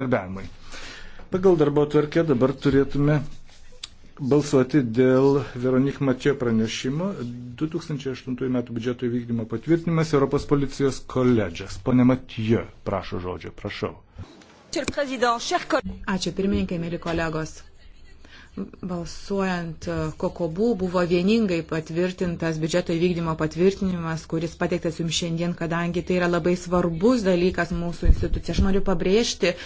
bendradarbiavimui. Pagal darbo tvarkę dabar turėtume balsuoti dėl Veronik Matė pranešimo 2008 m. biudžeto įvykdymo patvirtinimas Europos policijos koledžas. Pone Matė, prašau žodžio, prašau. Ačiū pirmininkai, mėly kolegos. Balsuojant e, kokobų buvo vieningai patvirtintas biudžeto įvykdymo patvirtinimas, kuris pateiktas jums šiandien, kadangi tai yra labai svarbus dalykas mūsų institucija. Aš noriu pabrėžti e,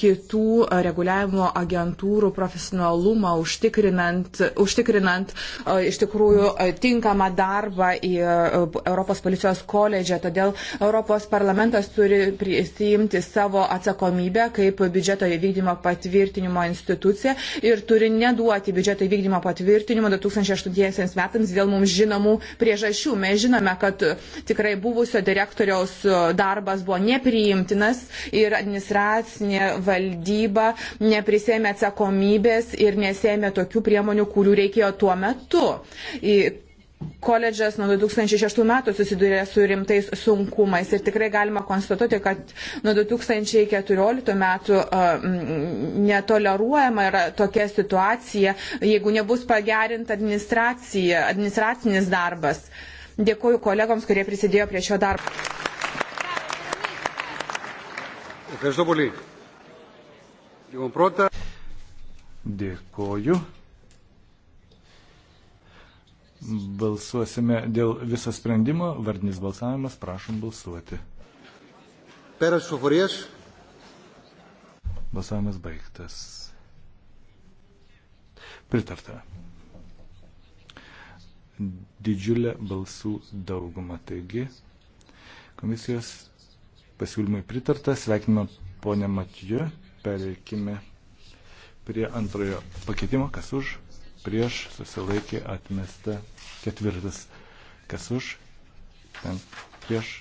kitų e, reguliavimo agentūrų profesionalumą, užtikrinant, užtikrinant iš tikrųjų tinkamą darbą į Europos policijos koledžą. Todėl Europos parlamentas turi prisijimti savo atsakomybę kaip biudžeto įvykdymo patvirtinimo institucija ir turi neduoti biudžeto įvykdymo patvirtinimo 2008 metams dėl mums žinomų priežasčių. Mes žinome, kad tikrai buvusio direktoriaus darbas buvo nepriimtinas ir administracinė valdyba neprisėmė atsakomybės ir nesėmė tokių priemonių, kurių reikėjo tuo metu koledžas nuo 2006 metų susidurė su rimtais sunkumais ir tikrai galima konstatuoti, kad nuo 2014 metų netoleruojama yra tokia situacija, jeigu nebus pagerinta administracija, administracinis darbas. Dėkuoju kolegoms, kurie prisidėjo prie šio darbo. Dėkuoju. Balsuosime dėl viso sprendimo. Vardinis balsavimas, prašom balsuoti. Peras Šuforijas. Balsavimas baigtas. Pritarta. Didžiulė balsų dauguma. Taigi, komisijos pasiūlymai pritarta. Sveikinimą ponę Matiju. Pereikime prie antrojo pakeitimo. Kas už? prieš, susilaikė atmesta. Ketvirtas, kas už, prieš,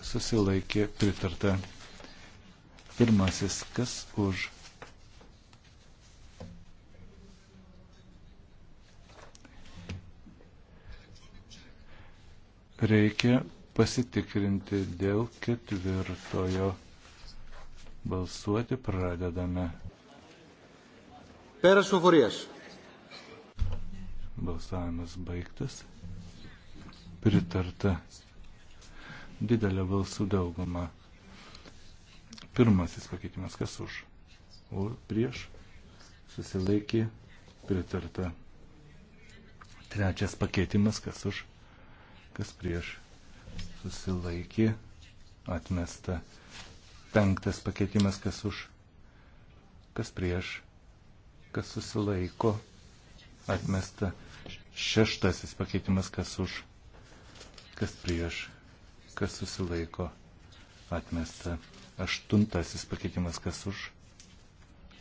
susilaikė pritarta. Pirmasis, kas už. Reikia pasitikrinti dėl ketvirtojo. Balsuoti pradedame. Pėras Suforijas. Balsavimas baigtas. Pritarta didelė balsų dauguma. Pirmasis pakeitimas, kas už? O prieš susilaikė pritarta. Trečias pakeitimas, kas už? Kas prieš susilaikė atmesta. Penktas pakeitimas, kas už? Kas prieš? Kas susilaiko atmesta. Šeštasis pakeitimas, kas už, kas prieš, kas susilaiko, atmesta. Aštuntasis pakeitimas, kas už,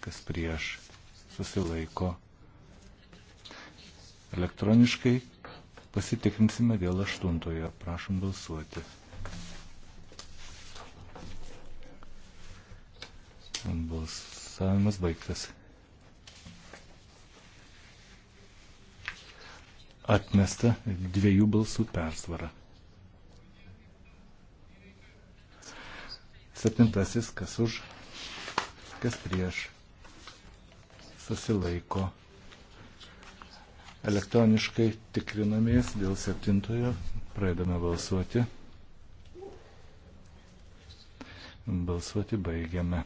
kas prieš, susilaiko. Elektroniškai pasitikrinsime dėl aštuntojo. Prašom balsuoti. Balsavimas baigtas. atmesta dviejų balsų persvara. Septintasis, kas už, kas prieš, susilaiko. Elektroniškai tikrinamės dėl septintojo, pradedame balsuoti. Balsuoti baigiame.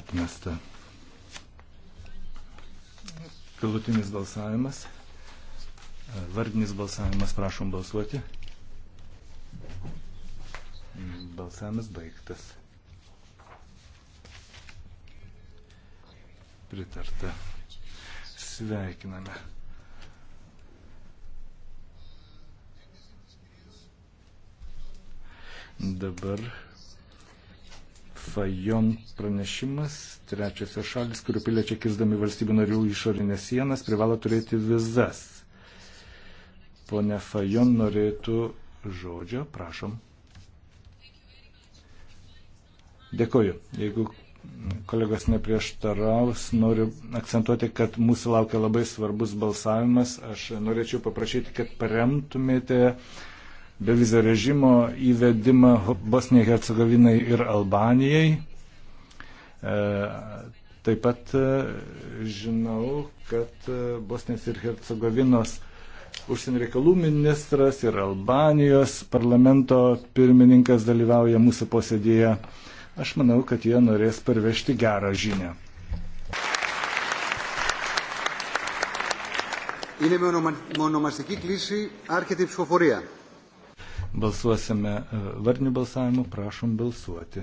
Atmesta. Galutinis balsavimas. E, vardinis balsavimas, prašom balsuoti. Mm, balsavimas baigtas. Pritarta. Sveikiname. Dabar Fajon pranešimas. Trečiosios šalis, kurių piliečiai kirsdami valstybių narių išorinės sienas, privalo turėti vizas. Pone Fajon norėtų žodžio, prašom. Dėkoju. Jeigu kolegos neprieštaraus, noriu akcentuoti, kad mūsų laukia labai svarbus balsavimas. Aš norėčiau paprašyti, kad paremtumėte uh, bevizio režimo įvedimą Bosnijai, Hercegovinai ir Albanijai. E, taip pat e, žinau, kad e, Bosnijos ir Hercegovinos užsienio reikalų ministras ir Albanijos parlamento pirmininkas dalyvauja mūsų posėdėje. Aš manau, kad jie norės parvežti gerą žinią. Είναι με ονομαστική κλίση άρχεται η ψηφοφορία. Balsuosime e, varnių balsavimu, prašom balsuoti.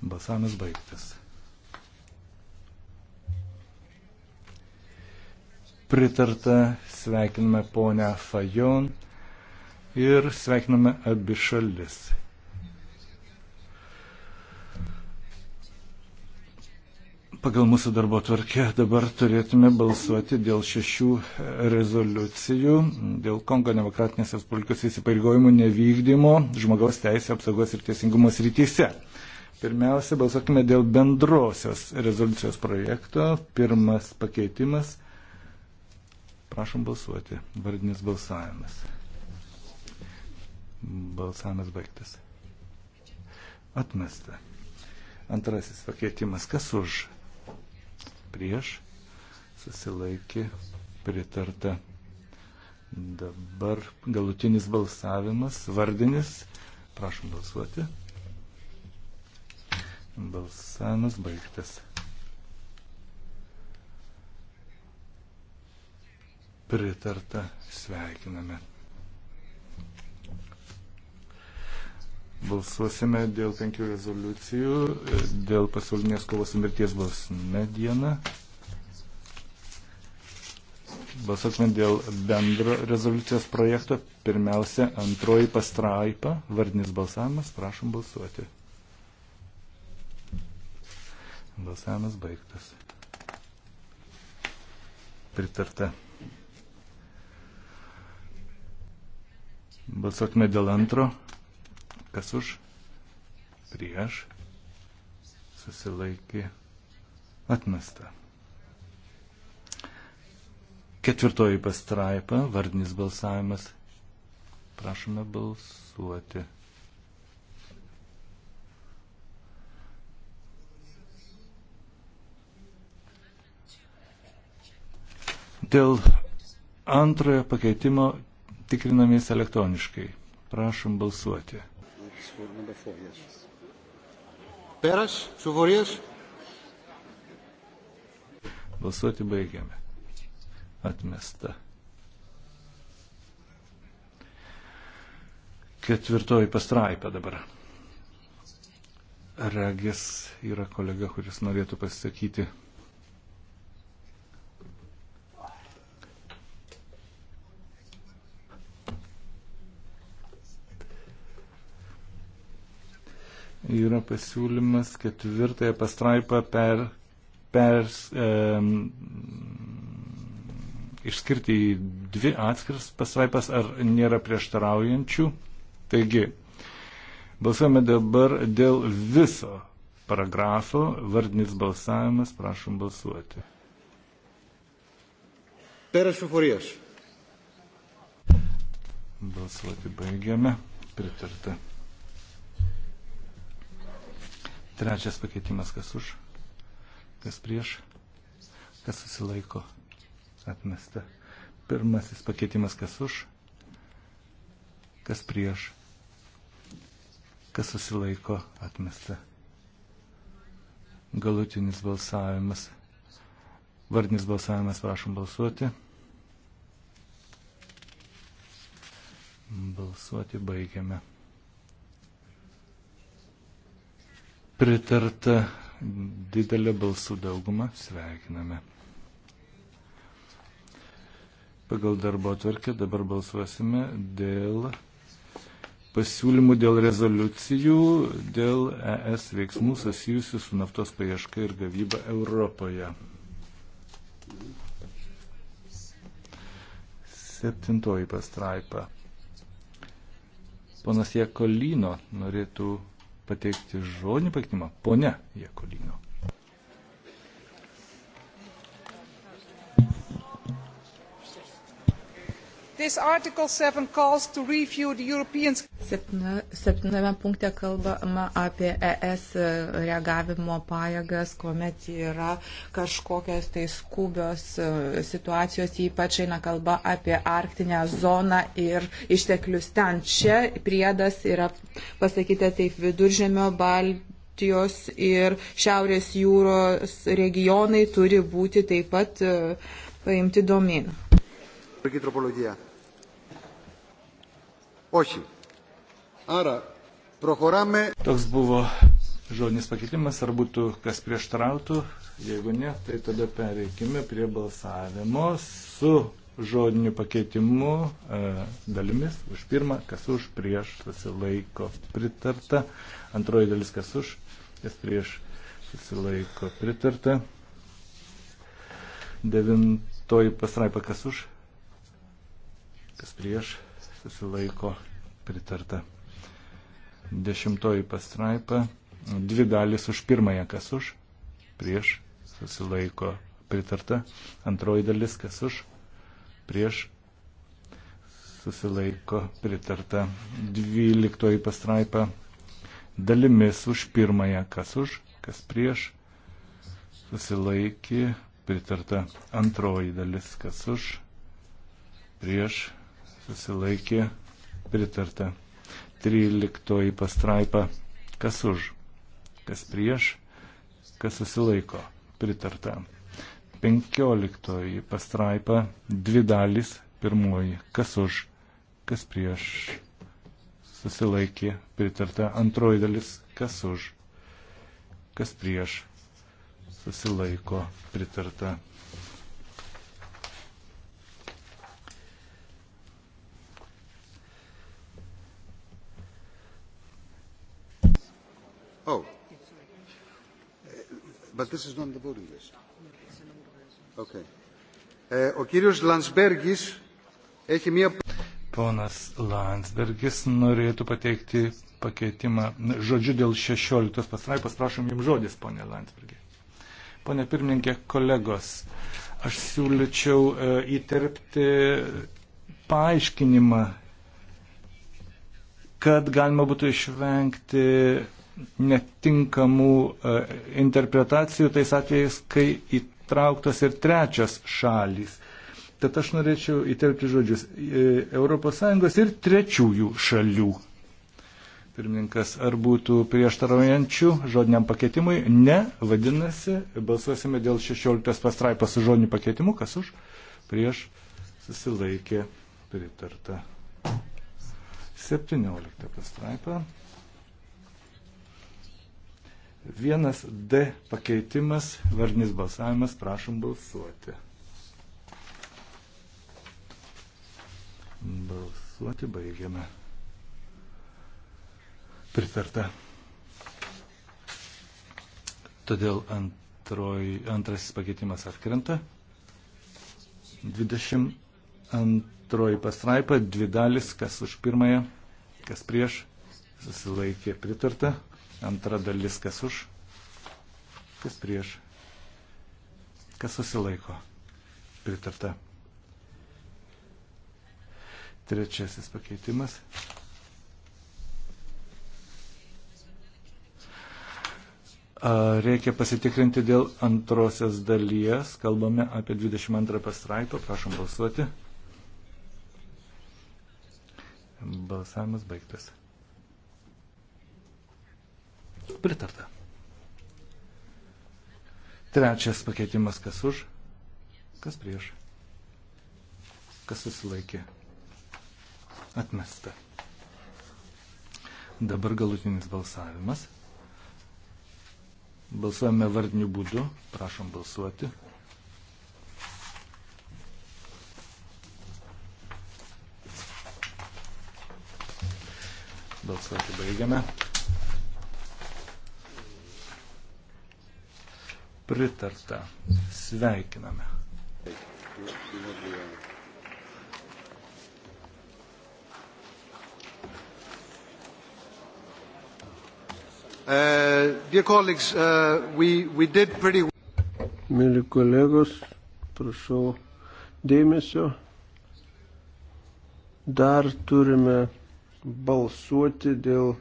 Balsavimas baigtas. Pritarta, sveikiname ponę Fajon ir sveikiname abi šalis. Pagal mūsų darbo tvarkę dabar turėtume balsuoti dėl šešių rezoliucijų, dėl Kongo demokratinės Respublikos įsipareigojimų nevykdymo žmogaus teisė apsaugos ir teisingumo srityse. Pirmiausia, balsuokime dėl bendrosios rezoliucijos projekto. Pirmas pakeitimas. Prašom balsuoti. Vardinis balsavimas. Balsavimas baigtas. Atmesta. Antrasis pakeitimas. Kas už? prieš, susilaikė pritarta. Dabar galutinis balsavimas, vardinis, prašom balsuoti. Balsavimas baigtas. Pritarta, sveikiname. Balsuosime dėl penkių rezoliucijų, dėl pasaulinės kovos su mirties bausme dieną. Balsuosime dėl bendro rezoliucijos projekto. Pirmiausia, antroji pastraipa, vardinis balsavimas, prašom balsuoti. Balsavimas baigtas. Pritarta. Balsuokime dėl antro Kas už? Prieš. Susilaikė. Atmesta. Ketvirtoji pastraipa, vardinis balsavimas. Prašome balsuoti. Dėl antrojo pakeitimo tikrinamės elektroniškai. Prašom balsuoti. Πέρας, ψηφορίες. Balsuoti baigiame. Atmesta. Ketvirtoji pastraipa dabar. Regis yra kolega, kuris norėtų pasisakyti yra pasiūlymas ketvirtąją pastraipą per, per, e, išskirti į dvi atskiras pastraipas, ar nėra prieštaraujančių. Taigi, balsuojame dabar dėl viso paragrafo, vardinis balsavimas, prašom balsuoti. Peras Fuforijas. Balsuoti baigiame. Pritarta. Trečias pakeitimas, kas už, kas prieš, kas susilaiko, atmesta. Pirmasis pakeitimas, kas už, kas prieš, kas susilaiko, atmesta. Galutinis balsavimas, vardinis balsavimas, prašom balsuoti. Balsuoti baigiame. pritarta didelė balsų dauguma, sveikiname. Pagal darbo atvarkę dabar balsuosime dėl pasiūlymų dėl rezoliucijų, dėl ES veiksmų susijusių su naftos paieška ir gavyba Europoje. Septintoji pastraipa. Ponas Jekolino norėtų pateikti žodinį pakeitimą. Pone Jekolino. This Article 7 calls to review the European... Septyna, Septintame punkte kalbama apie ES reagavimo pajėgas, kuomet yra kažkokios tai skubios e, situacijos, ypač eina kalba apie arktinę zoną ir išteklius ten. Čia priedas yra pasakyta taip viduržėmio Baltijos ir Šiaurės jūros regionai turi būti taip pat e, paimti domin. Όχι. Ara, prokurame. Toks buvo žodinis pakeitimas, ar būtų kas prieštarautų. Jeigu ne, tai tada pereikime prie balsavimo su žodiniu pakeitimu e, dalimis. Už pirmą, kas už, prieš, susilaiko pritarta. Antroji dalis, kas už, kas prieš, susilaiko pritarta. Devintoji pasraipa, kas už, kas prieš, susilaiko pritarta. Dešimtoji pastraipa. Dvi dalis už pirmąją, kas už, prieš, susilaiko pritarta. Antroji dalis, kas už, prieš, susilaiko pritarta. Dvyliktoji pastraipa. Dalimis už pirmąją, kas už, kas prieš, susilaikė pritarta. Antroji dalis, kas už, prieš, susilaikė pritarta. 13 pastraipa, kas už, kas prieš, kas susilaiko, pritarta. 15 pastraipa, dvi dalis, pirmoji, kas už, kas prieš, susilaikė, pritarta. Antroji dalis, kas už, kas prieš, susilaiko, pritarta. Oh. But this is not the voting list. Okay. Ο κύριος Λανσμπέργης έχει μία... Ponas Landsbergis norėtų pateikti pakeitimą žodžiu dėl 16 pasraipos. Prašom jums žodis, ponė Landsbergė. Pone pirmininkė, kolegos, aš siūlyčiau e, įterpti paaiškinimą, kad galima būtų išvengti netinkamų e, interpretacijų tais atvejais, kai įtrauktos ir trečios šalys. Tad aš norėčiau įtelkti žodžius ES ir trečiųjų šalių. Pirmininkas, ar būtų prieštaraujančių žodiniam pakeitimui? Ne, vadinasi, balsuosime dėl 16 pastraipos su žodiniu pakeitimu, kas už, prieš, susilaikė, pritarta. 17 pastraipą. Vienas D pakeitimas, varnis balsavimas, prašom balsuoti. Balsuoti baigiame. Pritarta. Todėl antroj, antrasis pakeitimas atkrenta. 22 pastraipa, dvi dalis, kas už pirmąją, kas prieš, susilaikė pritarta. Antra dalis, kas už, kas prieš, kas susilaiko. Pritarta. Trečiasis pakeitimas. Reikia pasitikrinti dėl antrosios dalies. Kalbame apie 22 pastraipą. Prašom balsuoti. Balsavimas baigtas. Pritarta. Trečias pakeitimas, kas už, kas prieš, kas susilaikė. Atmesta. Dabar galutinis balsavimas. Balsuojame vardiniu būdu. Prašom balsuoti. Balsuoti baigiame. pritarta. Sveikiname. Uh, dear colleagues, uh, we, we did pretty well. Mėly kolegos, prašau dėmesio. Dar turime balsuoti dėl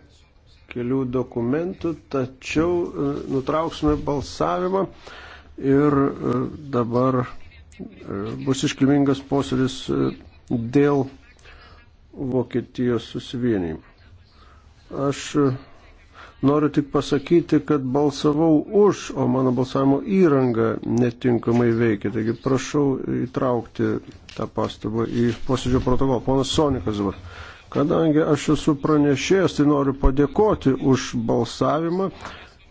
kelių dokumentų, tačiau e, nutrauksime balsavimą ir e, dabar e, bus iškilmingas posėdis dėl Vokietijos susivienijimo. Aš noriu tik pasakyti, kad balsavau už, o mano balsavimo įranga netinkamai veikia. Taigi prašau įtraukti tą pastabą į posėdžio protokolą. Ponas Sonikas dabar. Kadangi aš esu pranešėjęs, tai noriu padėkoti už balsavimą.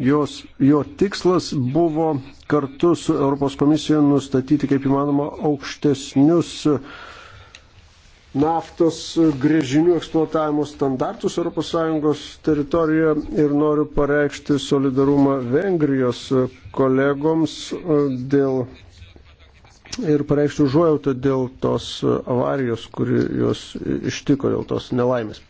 Jos, jo tikslas buvo kartu su Europos komisija nustatyti kaip įmanoma aukštesnius naftos grėžinių eksploatavimo standartus ES teritorijoje ir noriu pareikšti solidarumą Vengrijos kolegoms e, dėl ir pareikšti užuojautą dėl tos avarijos, kuri juos ištiko, dėl tos nelaimės.